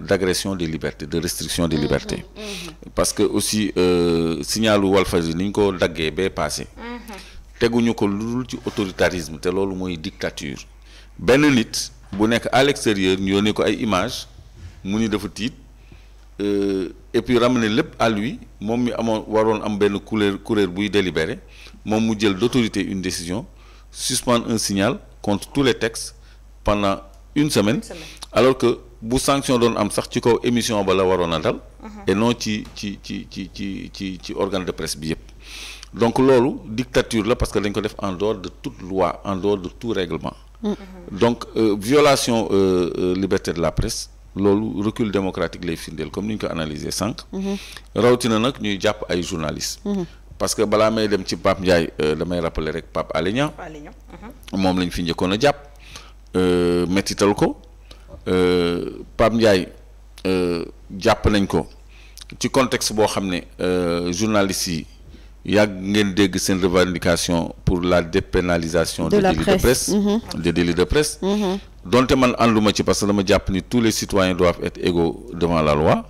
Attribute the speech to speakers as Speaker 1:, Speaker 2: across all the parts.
Speaker 1: d'agression des libertés de restriction des mhm, libertés mhm. parce que aussi euh, signalu Walfadjri ni ñu ko daggee bee passé mhm. teguñu ko lu dul ci autoritarisme te loolu mooy dictature benn nit bu nekk à l'extérieur ñu yónnee ko ay image mu ni dafa tiit euh, et puis ne lépp à lui moom mi amoon waroon am benn couleur couleur buy délibéré moom mu jël d'autorité une décision suspendre un signal contre tous les textes pendant une une semaine. alors que bu sanction doon am sax ci kaw émission ba la waroon a dal. Mhm. et non ci ci ci ci ci ci de presse bi yëpp. donc loolu dictature la parce que dañ ko def en dehors de toute loi en dehors de tout règlement. Mhm. donc euh, violation euh, euh, liberté de la presse. loolu recul démocratique lay firndeel comme ni ko analyser sànq. Mhm. rawatina nag ñuy jàpp ay journalistes. parce que balaa may dem ci Pape Ndiaye damay rappeler rek Pape Alé Niang moom lañ fi njëkkoon a jàpp métital ko. Euh, Pape Ndiaye euh, jàpp nañ ko ci contexte boo xam ne euh, journalistes yi yàgg ngeen dégg seen revendication pour la dépénalisation mm-hmm. des délits de presse de délits de presse donte man ànduma ci parce que dama jàpp ni tous les citoyens doivent être égaux devant la loi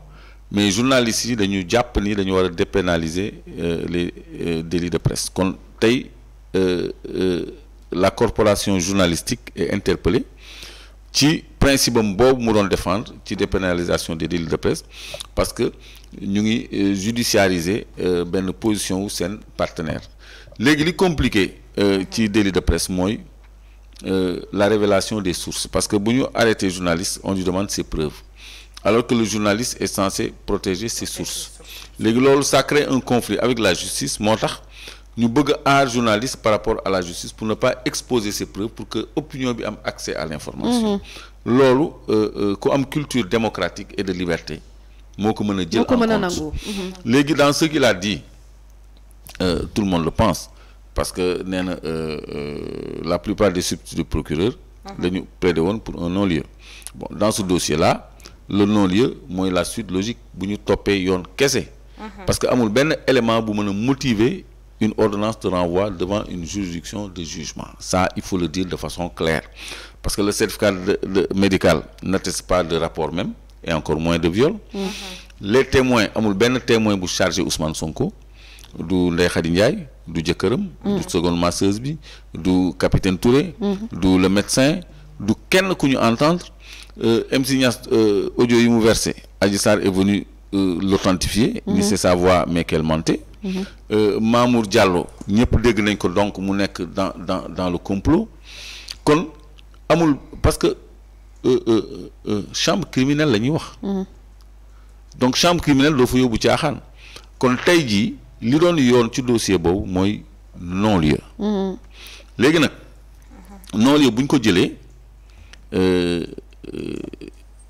Speaker 1: mais journalistes yi dañu jàpp ni dañu war a dépénaliser les délits de presse kon tey la corporation journalistique est interpellée ci principe am boobu mu doon défendre ci dépénalisation des délits de presse parce que ñu ngi euh, judiciariser euh, benn position wu seen partenaire léegi li compliqué euh, ci délit de presse mooy la révélation des sources parce que bu ñu arrêté journaliste on lui demande ses preuves alors que le journaliste est censé protéger ses sources léegi loolu ça crée un conflit avec la justice moo tax ñu bëgg a aar journaliste par rapport à la justice pour ne pas exposer ses preuves pour que opinion bi am accès à l'information mhm. loolu euh, euh, ku am culture démocratique et de liberté moo ko mën a jël en compte mhm. léegi dans ce qu'il a dit euh, tout le monde le pense parce que nee na euh, euh, la plupart des substituts de procureur mhm. dañu plaidé woon pour un non-lieu dans ce dossier là le non-lieu mooy la suite logique bu ñu toppee yoon kese parce que amul benn élément bu mën a motiver une ordonnance te renvoie devant une juridiction de jugement ça il faut le dire de façon claire parce que le certificat de, de médical n'atteste pas de rapport même et encore moins de viol mm-hmm. les témoins amul benn témoin bu chargé Ousmane Sonko du Ndeye du jëkkëram mm. du seconde masseuse bi du capitaine Touré mm-hmm. du le médecin du kenn ku ñu entendre euh, MC euh, audio yi mu est venu euh, l'authentifier ni mm-hmm. sa voix mais qu'elle mentait Euh, Mamour jàlloo ñëpp dégg nañ ko donc mu nekk dans dans dans le complot kon amul parce que euh, euh, chambre criminelle la ñuy wax. Mm-hmm. donc chambre criminelle doo fa yóbbu caaxaan kon tey jii li doon yoon ci dossier boobu mooy non lieu. Mm-hmm. léegi nag nool lieu buñ ko jëlee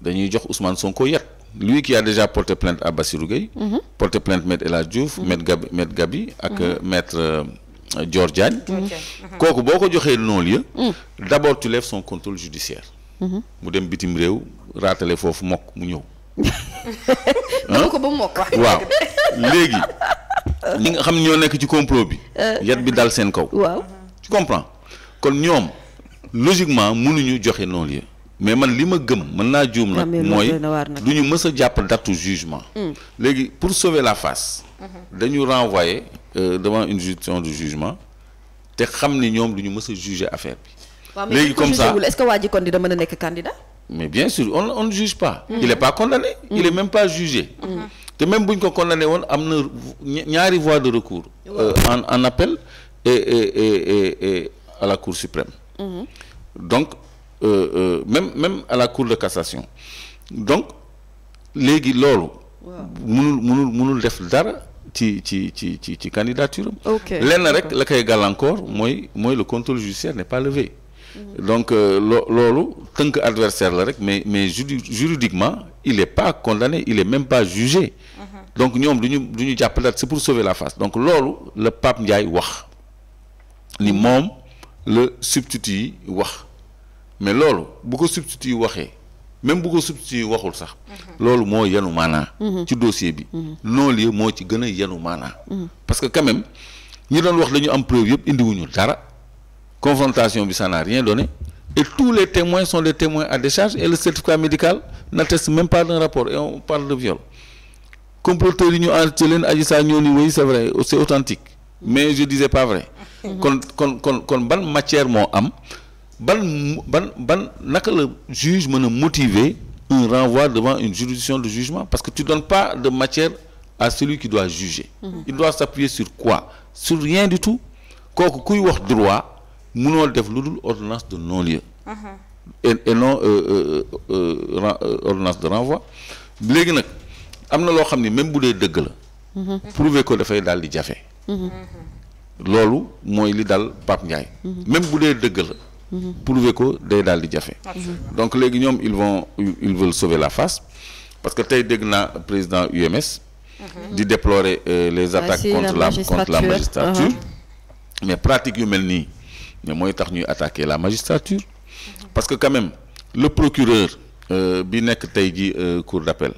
Speaker 1: dañuy jox Ousmane Sonko yet. lu qui a déjà porté plainte à Bassirou Gueye mmh. porté plainte maître El Hadj Diouf mhm. maître Gabi maître Gabi ak mhm. maître euh, Dior mhm. kooku boo ko joxee non-lieu d'abord tu lèves son contrôle judiciaire mu dem bitim réew raatale foofu mokk mu ñëw dama ko ba mokk waaw léegi ñi nga xam ñoo nekk ci complot bi euh. yat bi dal seen kaw waaw tu kon ñoom logiquement mënuñu joxe nool lieu mais man li ma gëm mën naa juum nag ah, mooy du ñu mës a jàpp datu jugement hmm. léegi pour sauver la face mhm. dañu renvoyer euh, devant une juridiction de jugement te xam ni ñoom du ñu mës a juger affaire bi léegi comme ça est-ce que waa ji kon dina mën a nekk candidat mais bien sûr on on ne juge pas hmm. il est pas condamné hmm. il est même pas jugé te même bu ñu ko condamné woon am na ñaari voies de recours euh, en en appel et et à la cour suprême donc Euh, euh, même même à la cour de cassation donc léegi loolu. munul munul munul def dara ci ci ci ci ci candidature am. lenn rek la koy gàllankoor mooy mooy le contrôle judiciaire ne pas levé. Mhm. donc euh, loo loolu tënk adversaire la rek mais mais juridiquement il est pas condamné il est même pas jugé. Mhm. donc ñoom du ñu du ñu jàpp c'est pour sauver la face donc loolu la Pape Ndiaye wax ni mhm. moom la substitut yi wax. mais loolu bu ko substitut waxee même bu ko substitut waxul sax. loolu moo yenu maanaa. Mhm. ci dossier bi. Mhm. non lieu moo ci gën a yenu maanaa. Mhm. parce que quand même ñi doon wax dañu am preuve yëpp indiwuñu dara confrontation bi ça n'a rien donné et tous les témoins sont des témoins à décharge et le certificat médical n'atteste même pas d'un rapport et on parle de viol. comploteurs yi ñu enregistré leen Adji Sarr ñoo ni oui c'est vrai c'est authentique mais je disais pas vrai. kon kon kon kon ban matière moo am. ban ban ban naka la juge mën a motiver un renvoi devant une juridiction de jugement parce que tu donnes pas de matière à celui qui doit juger mm-hmm. il doit s'appuyer sur quoi sur rien du tout kooku kuy wax droit mënoo def lu dul ordonnance de non-lieu mm-hmm. et non euh, euh, euh, euh de renvoi léegi nag am na loo xam ni même bu dee dëgg la mm-hmm. prouver ko dafay daal di jafe loolu mooy li dal Pape Ndiaye même bu dee dëgg la Mhm. prouver ko day daal di jafe. Mhm. donc léegi ñoom ils von ils veulent la face parce que tey dégg naa président UMS. Mhm. di déplorer euh, les attaques contre la la magistrature uh-huh. mais pratique yu mel nii mais mooy tax ñuy attaquer la magistrature parce que quand même le procureur euh, bi nekk tey ji euh, cour d'appel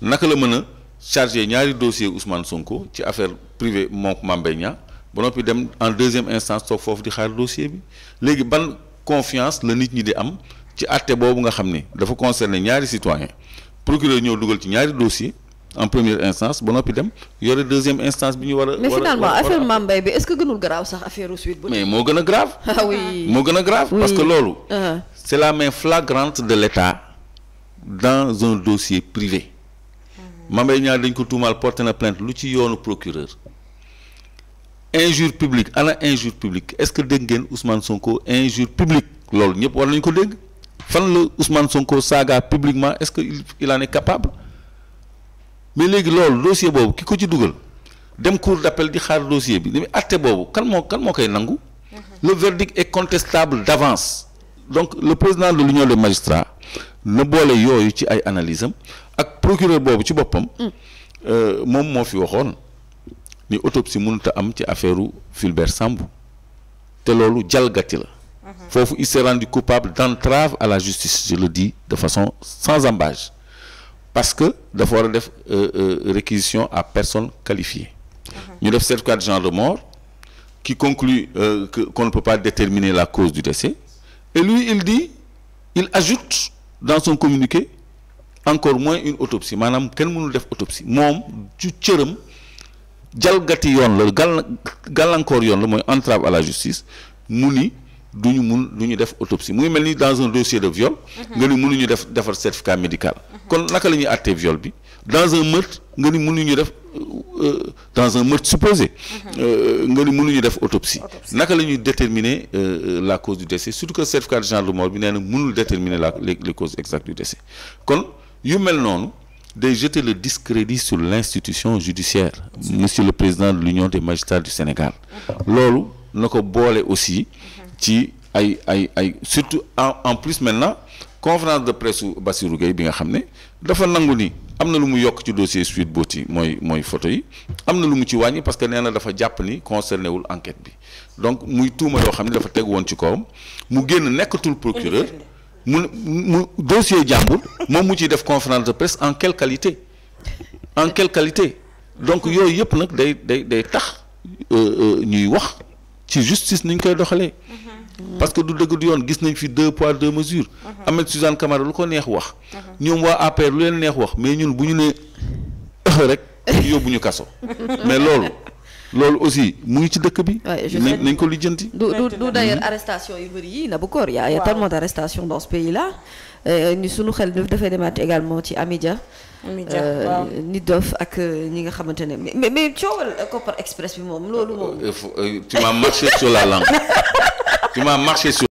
Speaker 1: naka la mën a chargé ñaari dossier Ousmane Sonko ci affaire privée moom Mame Mbaye Niang ba noppi dem en deuxième instance toog foofu di xaar dossier bi léegi ban confiance la nit ñi di am ci àtte boobu nga xam ni dafa concerner ñaari citoyen procureur ñëw dugal ci ñaari dossier en première instance ba noppi dem yore deuxième instance bi ñu war a. mais finalement affaire bi est-ce que gënul grave sax affaire suite. mais moo a grave. ah oui moo gën a grave. parce que loolu. Ah. c'est la main flagrante de l'État dans un dossier privé. Ah. Mame Mbaye Niang dañ ko tuumaal porté na plainte lu ci yoonu procureur. injure publique ana injure publique est-ce que dégg ngeen Ousmane Sonko injure publique loolu ñëpp war nañu ko dégg fan la Ousmane Sonko saaga publiquement est-ce que il en est capable mais léegi loolu dossier boobu ki ko ci dugal dem cour d'appel di xaar dossier bi dami atte boobu kan moo kan moo koy nangu mm-hmm. le verdict est contestable d'avance donc le président de l'union des magistrats na boole yooyu ci ay analyse am ak procureur boobu ci boppam mm. euh, moom moo fi waxoon ni autopsie mënut a am ci affaire Fulbert Sambou te loolu jalgati la. Mhm. foofu il s'est rendu coupable d'entrave à la justice je le dis de façon sans ambages parce que dafa war a def euh, euh, réquisition à personne qualifiée. Mhm. ñu def certificat de genre de mort qui conclut euh, que qu'on ne peut pas déterminer la cause du décès et lui il dit il ajoute dans son communiqué encore moins une autopsie maanaam kenn mënul def autopsie moom ju cëram. jalgati yoon la gàll gàllankoor yoon la mooy entrave à la justice mu ni du ñu mun du ñu def autopsie muy mel ni dans un dossier de viol mhm. nga ni mënuñu def defar certificat médical mhm. kon naka la ñuy àttee viol bi dans un meurtre nga ni mënuñu def euh, euh, dans un meurtre supposé mhm. euh, nga ni mënuñu def autopsie naka la ñuy déterminer la cause du décès surtout que certificat de genre de mort bi nee na mënul déterminer la les causes exactes du décès kon yu mel noonu de jeter le discrédit sur l'institution judiciaire monsieur le président de l'union de magistrats du Sénégal loolu na ko boole aussi ci ay ay ay surtout en en plus maintenant conférence de presse u Bassirou Gueye bi nga xam ne dafa nangu ni am na lu mu yokk ci dossier Sweet Beauty mooy mooy photo yi am na lu mu ci wàññi parce que nee na dafa jàpp ni concerné wul enquête bi donc muy tuuma yoo xam ne dafa teg woon ci kawam mu génn nekkatul procureur mu mu dossier jàmbur moom mu ciy def conférence de presse en quelle qualité en quelle qualité donc yooyu yëpp nag day day day tax euh, euh, ñuy wax ci justice ni ñu koy doxalee. Mm-hmm. parce que du dëgg du yoon gis nañ fi deux poids deux mesures. Mm-hmm. Ahmed Suzanne Camara lu ko neex wax. Mm-hmm. ñoom waa APR lu leen neex wax mais ñun bu ñu nee rek yóbbu ñu kaso mais loolu. loolu aussi mu ngi ci dëkk bi. nañ ko lijjanti. du du arrestation yu bëri yi Nabokor. waaw y a y a tellement d'arrestations dans ce pays là. Euh, ni sunu xel dafay demaat également ci Amidia. Amidia euh, waaw ni dof ak euh, ñi nga xamante ne mais mais coowal Kopar Express bi moom loolu moom. tu m'as marché sur la langue. tu m'as marché sur.